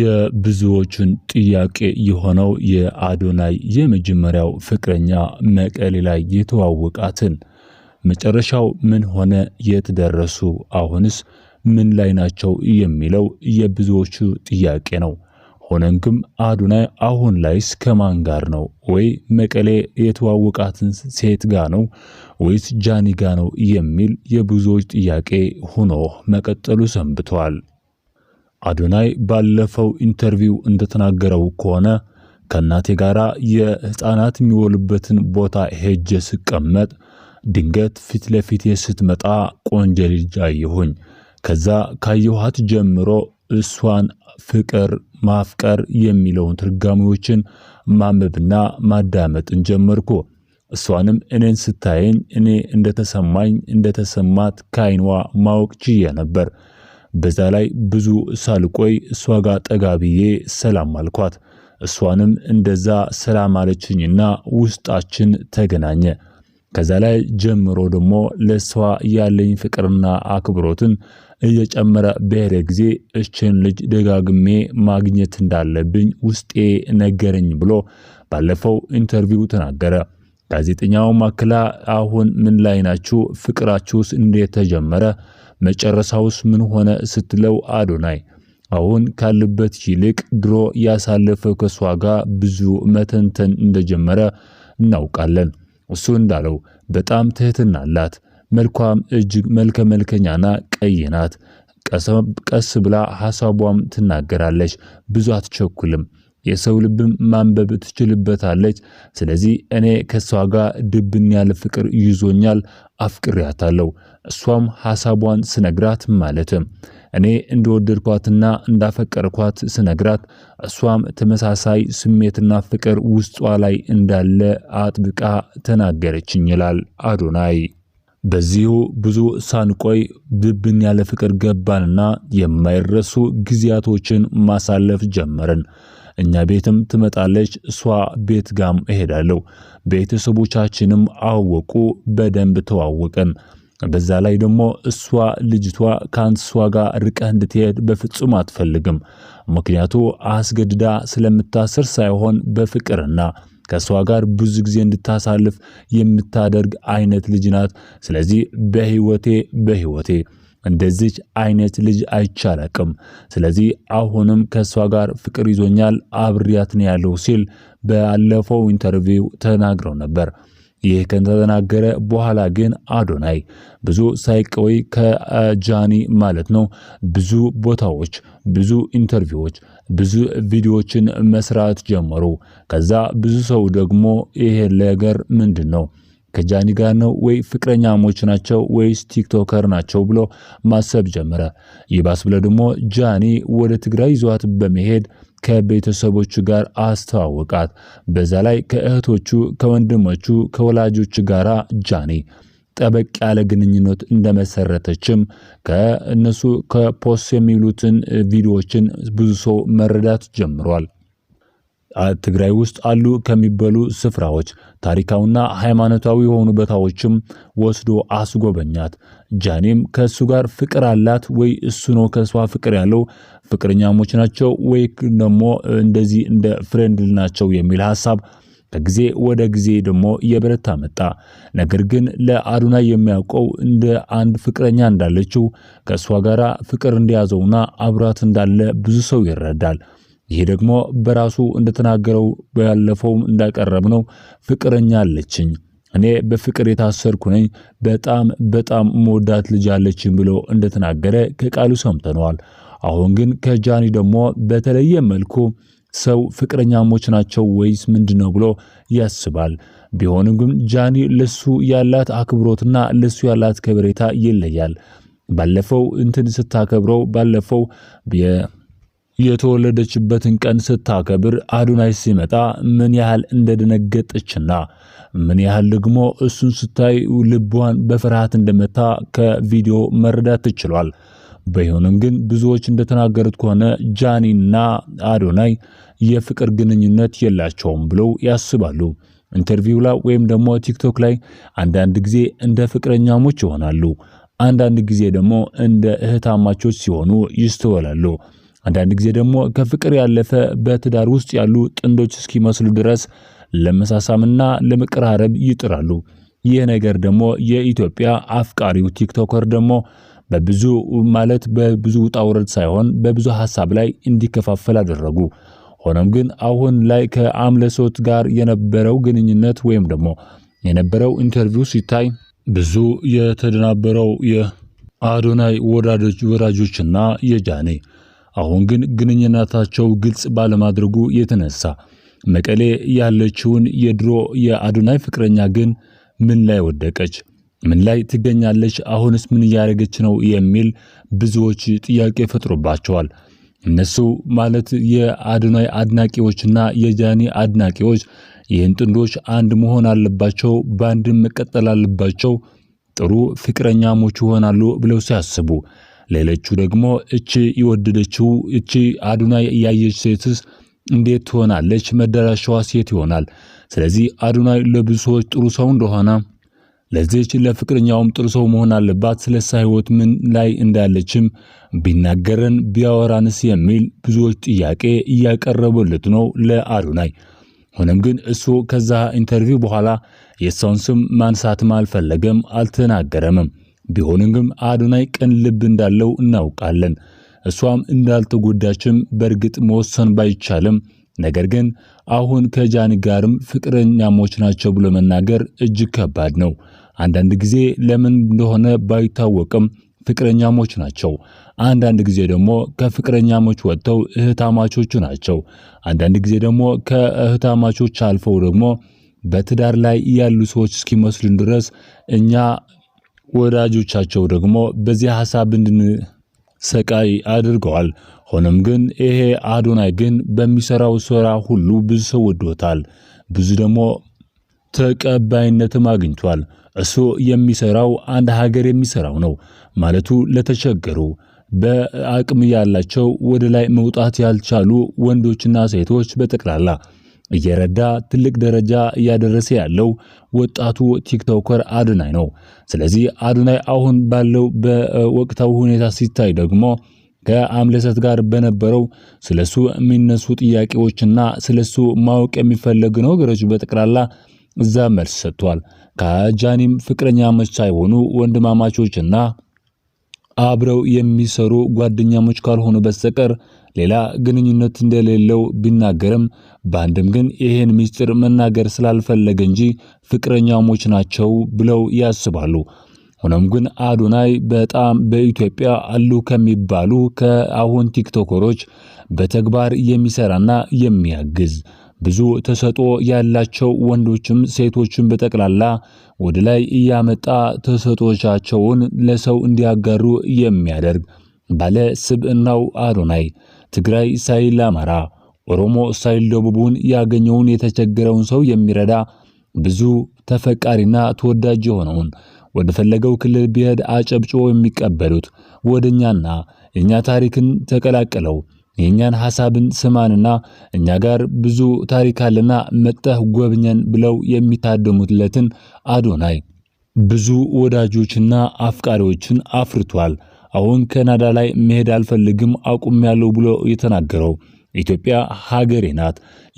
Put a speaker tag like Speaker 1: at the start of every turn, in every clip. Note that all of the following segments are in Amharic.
Speaker 1: የብዙዎቹን ጥያቄ የሆነው የአዶናይ የመጀመሪያው ፍቅረኛ መቀሌ ላይ የተዋወቃትን መጨረሻው ምን ሆነ? የት ደረሱ? አሁንስ ምን ላይ ናቸው? የሚለው የብዙዎቹ ጥያቄ ነው። ሆነን ግን አዶናይ አሁን ላይስ ከማን ጋር ነው? ወይ መቀሌ የተዋወቃትን ሴት ጋ ነው ወይስ ጃኒ ጋር ነው የሚል የብዙዎች ጥያቄ ሆኖ መቀጠሉ ሰንብተዋል። አዶናይ ባለፈው ኢንተርቪው እንደተናገረው ከሆነ ከእናቴ ጋር የሕፃናት የሚወሉበትን ቦታ ሄጄ ስቀመጥ ድንገት ፊት ለፊቴ ስትመጣ ቆንጆ ልጅ አየሁኝ። ከዛ ካየኋት ጀምሮ እሷን ፍቅር፣ ማፍቀር የሚለውን ትርጓሜዎችን ማንበብና ማዳመጥን ጀመርኩ። እሷንም እኔን ስታየኝ እኔ እንደተሰማኝ እንደተሰማት ከአይንዋ ማወቅ ችዬ ነበር። በዛ ላይ ብዙ ሳልቆይ እሷ ጋር ጠጋ ብዬ ሰላም አልኳት። እሷንም እንደዛ ሰላም አለችኝና ውስጣችን ተገናኘ። ከዛ ላይ ጀምሮ ደግሞ ለእሷ ያለኝ ፍቅርና አክብሮትን እየጨመረ በሄደ ጊዜ እችን ልጅ ደጋግሜ ማግኘት እንዳለብኝ ውስጤ ነገረኝ ብሎ ባለፈው ኢንተርቪው ተናገረ። ጋዜጠኛው ማክላ አሁን ምን ላይ ናችሁ? ፍቅራችሁስ እንዴት ተጀመረ? መጨረሻውስ ምን ሆነ ስትለው አዶናይ አሁን ካለበት ይልቅ ድሮ ያሳለፈ ከሷ ጋር ብዙ መተንተን እንደጀመረ እናውቃለን። እሱ እንዳለው በጣም ትህትና አላት። መልኳም እጅግ መልከ መልከኛና ቀይ ናት። ቀስ ብላ ሐሳቧም ትናገራለች። ብዙ አትቸኩልም። የሰው ልብም ማንበብ ትችልበታለች። ስለዚህ እኔ ከእሷ ጋር ድብን ያለ ፍቅር ይዞኛል፣ አፍቅሪያታለሁ። እሷም ሐሳቧን ስነግራት ማለትም እኔ እንደወደድኳትና እንዳፈቀርኳት ስነግራት እሷም ተመሳሳይ ስሜትና ፍቅር ውስጧ ላይ እንዳለ አጥብቃ ተናገረችኝ ይላል አዶናይ። በዚሁ ብዙ ሳንቆይ ድብን ያለ ፍቅር ገባንና የማይረሱ ጊዜያቶችን ማሳለፍ ጀመርን። እኛ ቤትም ትመጣለች፣ እሷ ቤት ጋም እሄዳለሁ። ቤተሰቦቻችንም አወቁ፣ በደንብ ተዋወቀን። በዛ ላይ ደግሞ እሷ ልጅቷ ከአንሷ ጋር ርቀህ እንድትሄድ በፍጹም አትፈልግም። ምክንያቱ አስገድዳ ስለምታስር ሳይሆን በፍቅርና ከእሷ ጋር ብዙ ጊዜ እንድታሳልፍ የምታደርግ አይነት ልጅ ናት። ስለዚህ በህይወቴ በህይወቴ እንደዚች አይነት ልጅ አይቻላቅም። ስለዚህ አሁንም ከእሷ ጋር ፍቅር ይዞኛል አብርያት ነው ያለው ሲል ባለፈው ኢንተርቪው ተናግረው ነበር። ይህ ከተናገረ በኋላ ግን አዶናይ ብዙ ሳይቆይ ከጃኒ ማለት ነው ብዙ ቦታዎች፣ ብዙ ኢንተርቪዎች፣ ብዙ ቪዲዮዎችን መስራት ጀመሩ። ከዛ ብዙ ሰው ደግሞ ይሄ ነገር ምንድን ነው ከጃኒ ጋር ነው ወይ ፍቅረኛሞች ናቸው ወይስ ቲክቶከር ናቸው ብሎ ማሰብ ጀመረ። ይባስ ብለ ደግሞ ጃኒ ወደ ትግራይ ይዟት በመሄድ ከቤተሰቦቹ ጋር አስተዋወቃት። በዛ ላይ ከእህቶቹ፣ ከወንድሞቹ፣ ከወላጆቹ ጋር ጃኒ ጠበቅ ያለ ግንኙነት እንደመሰረተችም ከእነሱ ከፖስት የሚሉትን ቪዲዮዎችን ብዙ ሰው መረዳት ጀምሯል። ትግራይ ውስጥ አሉ ከሚበሉ ስፍራዎች ታሪካዊና ሃይማኖታዊ የሆኑ ቦታዎችም ወስዶ አስጎበኛት። ጃኔም ከእሱ ጋር ፍቅር አላት ወይ እሱ ነው ከእሷ ፍቅር ያለው ፍቅረኛሞች ናቸው ወይ ደግሞ እንደዚህ እንደ ፍሬንድል ናቸው የሚል ሀሳብ ከጊዜ ወደ ጊዜ ደግሞ እየበረታ መጣ። ነገር ግን ለአዱናይ የሚያውቀው እንደ አንድ ፍቅረኛ እንዳለችው ከእሷ ጋር ፍቅር እንደያዘውና አብራት እንዳለ ብዙ ሰው ይረዳል። ይሄ ደግሞ በራሱ እንደተናገረው ባለፈውም እንዳቀረብ ነው ፍቅረኛ አለችኝ እኔ በፍቅር የታሰርኩ ነኝ በጣም በጣም መወዳት ልጅ አለችኝ ብሎ እንደተናገረ ከቃሉ ሰምተነዋል። አሁን ግን ከጃኒ ደግሞ በተለየ መልኩ ሰው ፍቅረኛሞች ናቸው ወይስ ምንድነው ብሎ ያስባል። ቢሆንም ግን ጃኒ ለሱ ያላት አክብሮትና ለሱ ያላት ከበሬታ ይለያል። ባለፈው እንትን ስታከብረው ባለፈው የተወለደችበትን ቀን ስታከብር አዶናይ ሲመጣ ምን ያህል እንደደነገጠችና ምን ያህል ደግሞ እሱን ስታይ ልቧን በፍርሃት እንደመታ ከቪዲዮ መረዳት ትችሏል። በይሁንም ግን ብዙዎች እንደተናገሩት ከሆነ ጃኒና አዶናይ የፍቅር ግንኙነት የላቸውም ብለው ያስባሉ። ኢንተርቪው ላይ ወይም ደግሞ ቲክቶክ ላይ አንዳንድ ጊዜ እንደ ፍቅረኛሞች ይሆናሉ፣ አንዳንድ ጊዜ ደግሞ እንደ እህታማቾች ሲሆኑ ይስተዋላሉ። አንዳንድ ጊዜ ደግሞ ከፍቅር ያለፈ በትዳር ውስጥ ያሉ ጥንዶች እስኪመስሉ ድረስ ለመሳሳምና ለመቀራረብ ይጥራሉ። ይህ ነገር ደግሞ የኢትዮጵያ አፍቃሪው ቲክቶከር ደግሞ በብዙ ማለት በብዙ ውጣ ውረድ ሳይሆን በብዙ ሀሳብ ላይ እንዲከፋፈል አደረጉ። ሆኖም ግን አሁን ላይ ከአምለሶት ጋር የነበረው ግንኙነት ወይም ደግሞ የነበረው ኢንተርቪው ሲታይ ብዙ የተደናበረው የአዶናይ ወዳጆችና የጃኔ አሁን ግን ግንኙነታቸው ግልጽ ባለማድረጉ የተነሳ መቀሌ ያለችውን የድሮ የአዶናይ ፍቅረኛ ግን ምን ላይ ወደቀች? ምን ላይ ትገኛለች? አሁንስ ምን እያደረገች ነው? የሚል ብዙዎች ጥያቄ ፈጥሮባቸዋል። እነሱ ማለት የአዶናይ አድናቂዎችና የጃኒ አድናቂዎች ይህን ጥንዶች አንድ መሆን አለባቸው፣ በአንድም መቀጠል አለባቸው፣ ጥሩ ፍቅረኛሞች ይሆናሉ ብለው ሲያስቡ ሌሎቹ ደግሞ እቺ የወደደችው እቺ አዱናይ ያየች ሴትስ እንዴት ትሆናለች? መዳረሻዋ ሴት ይሆናል። ስለዚህ አዱናይ ለብዙ ሰዎች ጥሩ ሰው እንደሆነ ለዚች ለፍቅረኛውም ጥሩ ሰው መሆን አለባት። ስለሳ ህይወት ምን ላይ እንዳለችም ቢናገረን ቢያወራንስ የሚል ብዙዎች ጥያቄ እያቀረቡለት ነው ለአዱናይ ሆነም ግን እሱ ከዛ ኢንተርቪው በኋላ የሰውን ስም ማንሳትም አልፈለገም፣ አልተናገረምም። ቢሆንም ግን አዶናይ ቅን ልብ እንዳለው እናውቃለን። እሷም እንዳልተጎዳችም በእርግጥ መወሰን ባይቻልም ነገር ግን አሁን ከጃኒ ጋርም ፍቅረኛሞች ናቸው ብሎ መናገር እጅግ ከባድ ነው። አንዳንድ ጊዜ ለምን እንደሆነ ባይታወቅም ፍቅረኛሞች ናቸው። አንዳንድ ጊዜ ደግሞ ከፍቅረኛሞች ወጥተው እህታማቾቹ ናቸው። አንዳንድ ጊዜ ደግሞ ከእህታማቾች አልፈው ደግሞ በትዳር ላይ ያሉ ሰዎች እስኪመስሉን ድረስ እኛ ወዳጆቻቸው ደግሞ በዚህ ሐሳብ እንድንሰቃይ አድርገዋል። ሆኖም ግን ይሄ አዶናይ ግን በሚሰራው ስራ ሁሉ ብዙ ሰው ወዶታል፣ ብዙ ደግሞ ተቀባይነትም አግኝቷል። እሱ የሚሰራው አንድ ሀገር የሚሰራው ነው ማለቱ ለተቸገሩ በአቅም ያላቸው ወደ ላይ መውጣት ያልቻሉ ወንዶችና ሴቶች በጠቅላላ እየረዳ ትልቅ ደረጃ እያደረሰ ያለው ወጣቱ ቲክቶከር አዶናይ ነው። ስለዚህ አዶናይ አሁን ባለው በወቅታዊ ሁኔታ ሲታይ ደግሞ ከአምለሰት ጋር በነበረው ስለሱ የሚነሱ ጥያቄዎችና ስለሱ ማወቅ የሚፈለጉ ነገሮች በጠቅላላ እዛ መልስ ሰጥቷል። ከጃኒም ፍቅረኛ መቻ የሆኑ ወንድማማቾችና አብረው የሚሰሩ ጓደኛሞች ካልሆኑ በስተቀር ሌላ ግንኙነት እንደሌለው ቢናገርም በአንድም ግን ይህን ምስጢር መናገር ስላልፈለገ እንጂ ፍቅረኛሞች ናቸው ብለው ያስባሉ። ሆኖም ግን አዶናይ በጣም በኢትዮጵያ አሉ ከሚባሉ ከአሁን ቲክቶከሮች በተግባር የሚሰራና የሚያግዝ ብዙ ተሰጦ ያላቸው ወንዶችም ሴቶችም በጠቅላላ ወደ ላይ እያመጣ ተሰጦቻቸውን ለሰው እንዲያጋሩ የሚያደርግ ባለ ስብዕናው አዶናይ ትግራይ ሳይል አማራ፣ ኦሮሞ ሳይል ደቡቡን ያገኘውን የተቸገረውን ሰው የሚረዳ ብዙ ተፈቃሪና ተወዳጅ የሆነውን ወደ ፈለገው ክልል ቢሄድ አጨብጭቦ የሚቀበሉት ወደኛና እኛ ታሪክን ተቀላቀለው የኛን ሐሳብን ስማንና እኛ ጋር ብዙ ታሪክ አለና መጠህ ጎብኘን ብለው የሚታደሙትለትን አዶናይ ብዙ ወዳጆችና አፍቃሪዎችን አፍርቷል። አሁን ካናዳ ላይ መሄድ አልፈልግም አቁም ያለው ብሎ የተናገረው ኢትዮጵያ ሀገሬ ናት።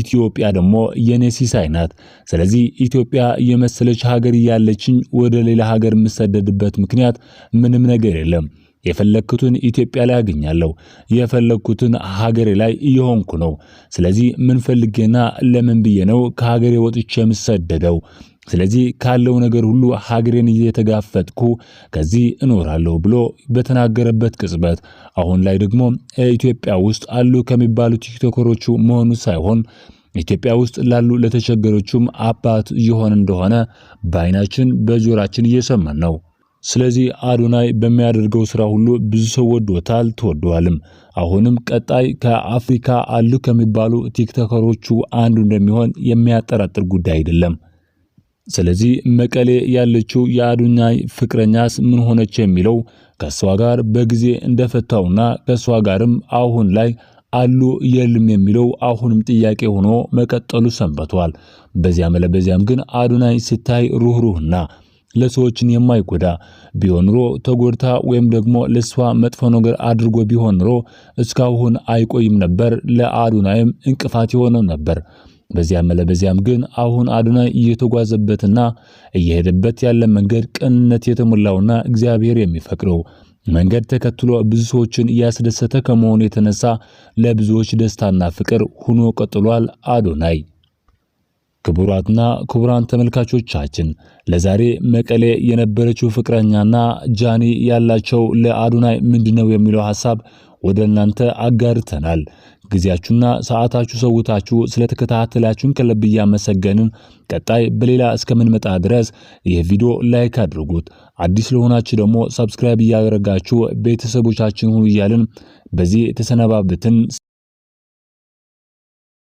Speaker 1: ኢትዮጵያ ደግሞ የኔ ሲሳይ ናት። ስለዚህ ኢትዮጵያ የመሰለች ሀገር እያለችኝ ወደ ሌላ ሀገር የምሰደድበት ምክንያት ምንም ነገር የለም። የፈለግኩትን ኢትዮጵያ ላይ አገኛለሁ። የፈለግኩትን ሀገሬ ላይ እየሆንኩ ነው። ስለዚህ ምን ፈልጌና ለምን ብዬ ነው ከሀገሬ ወጥቼ የምሰደደው? ስለዚህ ካለው ነገር ሁሉ ሀገሬን እየተጋፈጥኩ ከዚህ እኖራለሁ ብሎ በተናገረበት ቅጽበት አሁን ላይ ደግሞ ኢትዮጵያ ውስጥ አሉ ከሚባሉ ቲክቶከሮቹ መሆኑ ሳይሆን ኢትዮጵያ ውስጥ ላሉ ለተቸገሮቹም አባት እየሆነ እንደሆነ በአይናችን በጆራችን እየሰማን ነው። ስለዚህ አዶናይ በሚያደርገው ስራ ሁሉ ብዙ ሰው ወዶታል፣ ተወደዋልም። አሁንም ቀጣይ ከአፍሪካ አሉ ከሚባሉ ቲክቶከሮቹ አንዱ እንደሚሆን የሚያጠራጥር ጉዳይ አይደለም። ስለዚህ መቀሌ ያለችው የአዱኛ ፍቅረኛስ ምን ሆነች የሚለው ከእሷ ጋር በጊዜ እንደፈታውና ከእሷ ጋርም አሁን ላይ አሉ የልም የሚለው አሁንም ጥያቄ ሆኖ መቀጠሉ ሰንበቷል። በዚያም ለበዚያም ግን አዱናይ ስታይ ሩህሩህና ለሰዎችን የማይጎዳ ቢሆን ኖሮ ተጎድታ ወይም ደግሞ ለሷ መጥፎ ነገር አድርጎ ቢሆን ኖሮ እስካሁን አይቆይም ነበር፣ ለአዱናይም እንቅፋት የሆነው ነበር። በዚያም ለበዚያም ግን አሁን አዶናይ እየተጓዘበትና እየሄደበት ያለ መንገድ ቅንነት የተሞላውና እግዚአብሔር የሚፈቅደው መንገድ ተከትሎ ብዙ ሰዎችን እያስደሰተ ከመሆኑ የተነሳ ለብዙዎች ደስታና ፍቅር ሆኖ ቀጥሏል አዶናይ። ክቡራትና ክቡራን ተመልካቾቻችን ለዛሬ መቀሌ የነበረችው ፍቅረኛና ጃኒ ያላቸው ለአዶናይ ምንድነው የሚለው ሐሳብ ወደ እናንተ አጋርተናል። ጊዜያችሁና ሰዓታችሁ ሰውታችሁ ስለተከታተላችሁን ከልብ እያመሰገንን ቀጣይ በሌላ እስከምንመጣ ድረስ ይህ ቪዲዮ ላይክ አድርጉት። አዲስ ለሆናችሁ ደግሞ ሰብስክራይብ እያደረጋችሁ ቤተሰቦቻችን ሁኑ እያልን በዚህ ተሰነባብትን።